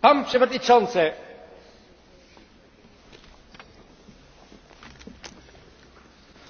Pan przewodniczący!